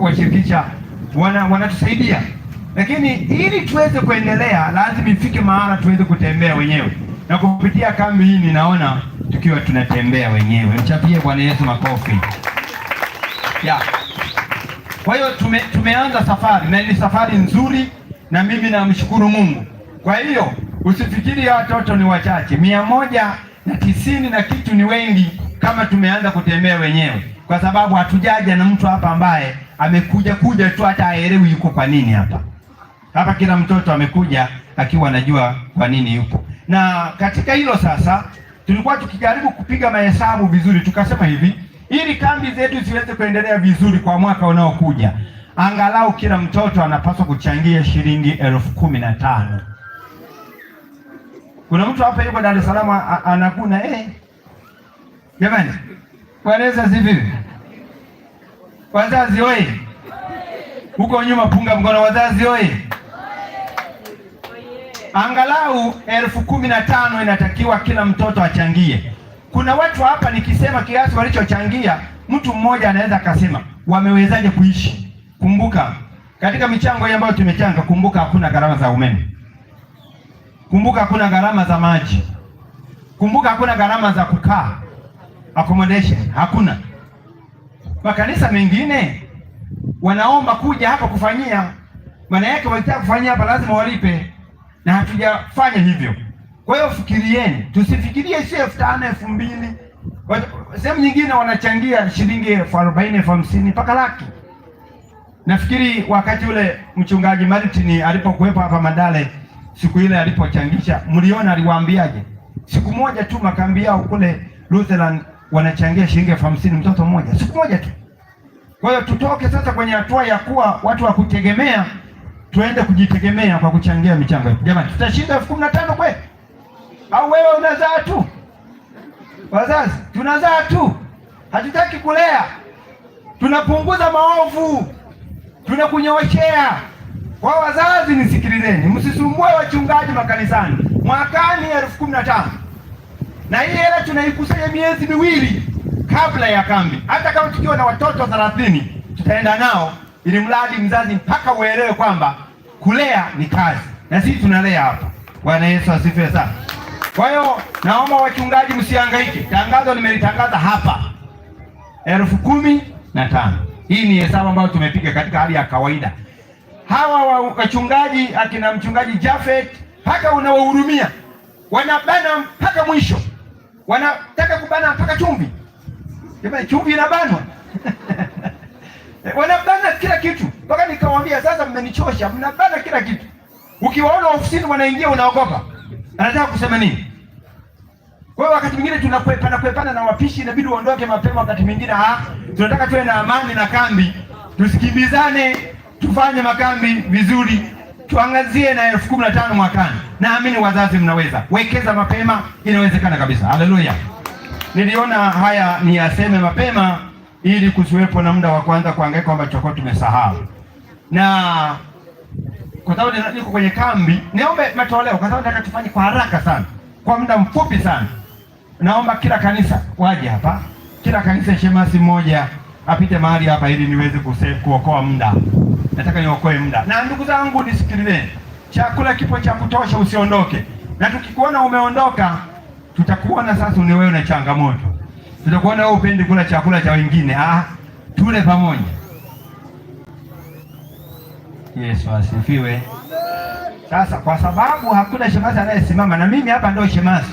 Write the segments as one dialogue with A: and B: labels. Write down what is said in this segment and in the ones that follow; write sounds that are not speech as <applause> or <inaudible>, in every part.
A: wachekicha wana wanatusaidia, lakini ili tuweze kuendelea lazima ifike mahala tuweze kutembea wenyewe, na kupitia kambi hii ninaona tukiwa tunatembea wenyewe. Mchapie Bwana Yesu makofi ya. Kwa hiyo tume, tumeanza safari na ni safari nzuri, na mimi namshukuru Mungu. Kwa hiyo usifikiri watoto ni wachache, mia moja na tisini na kitu ni wengi, kama tumeanza kutembea wenyewe kwa sababu hatujaja na mtu hapa ambaye amekuja kuja tu hata aelewi yuko kwa nini hapa. Hapa kila mtoto amekuja akiwa anajua kwa nini yuko. Na katika hilo sasa, tulikuwa tukijaribu kupiga mahesabu vizuri, tukasema hivi, ili kambi zetu ziweze kuendelea vizuri kwa mwaka unaokuja, angalau kila mtoto anapaswa kuchangia shilingi elfu kumi na tano. Kuna mtu hapa yuko Dar es Salaam anakuna eh, jamani, kueleza si Wazazi oye! Huko nyuma punga mkono wazazi oye! Angalau elfu kumi na tano inatakiwa kila mtoto achangie. Kuna watu hapa nikisema kiasi walichochangia, mtu mmoja anaweza akasema wamewezaje kuishi. Kumbuka katika michango hii ambayo tumechanga, kumbuka hakuna gharama za umeme, kumbuka hakuna gharama za maji, kumbuka hakuna gharama za kukaa accommodation, hakuna makanisa mengine wanaomba kuja hapa kufanyia, maana yake wanataka kufanyia hapa lazima walipe, na hatujafanya hivyo. Kwa hiyo fikirieni, tusifikirie si elfu tano elfu mbili Sehemu nyingine wanachangia shilingi elfu arobaini elfu hamsini mpaka laki. Nafikiri wakati ule mchungaji Martin alipokuwepo hapa Madale, siku ile alipochangisha, mliona aliwaambiaje? Siku moja tu makambi yao kule Lutheran wanachangia shilingi elfu hamsini mtoto mmoja, siku moja tu. Kwa hiyo tutoke sasa kwenye hatua ya kuwa watu wa kutegemea, tuende kujitegemea kwa kuchangia michango. Jamani, tutashinda elfu kumi na tano kwe Au wewe unazaa tu? Wazazi tunazaa tu, hatutaki kulea, tunapunguza maovu, tunakunyooshea. Kwa wazazi, nisikilizeni, msisumbue wachungaji makanisani. Mwakani elfu kumi na tano na hii hela tunaikusanya miezi miwili kabla ya kambi. Hata kama tukiwa na watoto thelathini tutaenda nao, ili mradi mzazi mpaka uelewe kwamba kulea ni kazi, na sisi tunalea hapa. Bwana Yesu asifiwe sana. Kwa hiyo naomba wachungaji msihangaike, tangazo nimelitangaza hapa elfu kumi na tano. Hii ni hesabu ambayo tumepiga katika hali ya kawaida. Hawa wachungaji akina mchungaji Jafet mpaka unawahurumia, wanabana mpaka mwisho wanataka kubana mpaka chumvi. Jamani, chumvi inabanwa <laughs> wanabana kila kitu, mpaka nikamwambia sasa, mmenichosha, mnabana kila kitu. Ukiwaona ofisini wanaingia, unaogopa anataka kusema nini. Kwa hiyo wakati mwingine tunapepana pepana na wapishi, inabidi waondoke mapema. Wakati mwingine ah, tunataka tuwe na amani na kambi, tusikimbizane, tufanye makambi vizuri, tuangazie na elfu kumi na tano mwakani. Naamini wazazi mnaweza wekeza mapema, inawezekana kabisa. Haleluya! Niliona haya niyaseme mapema ili kusiwepo na muda wa kwanza kuangaika kwamba chokoo tumesahau, na kwa sababu niko kwenye kambi, niombe matoleo kwa sababu nataka tufanye kwa haraka sana, kwa muda mfupi sana. Naomba kila kanisa waje hapa, kila kanisa shemasi mmoja apite mahali hapa, ili niweze kuokoa muda. Nataka niokoe muda, na ndugu zangu nisikilizeni chakula kipo cha kutosha, usiondoke. Na tukikuona umeondoka, tutakuona sasa ni wewe na changamoto, tutakuona wewe upendi kula chakula cha wengine. Ah, tule pamoja. Yesu asifiwe. Sasa kwa sababu hakuna shemasi anayesimama na mimi hapa, ndio shemasi.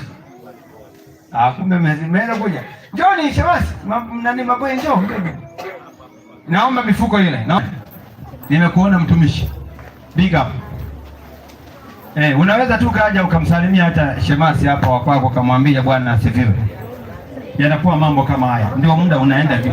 A: Ah, kumbe mmeenda kuja. Njoni shemasi, nani maboye, njoo. Naomba mifuko ile. Nimekuona mtumishi. Big up. Eh, unaweza tu kaja ukamsalimia hata shemasi hapa wa kwako ukamwambia bwana asifiwe. Yanakuwa mambo kama haya, ndio muda unaenda juu.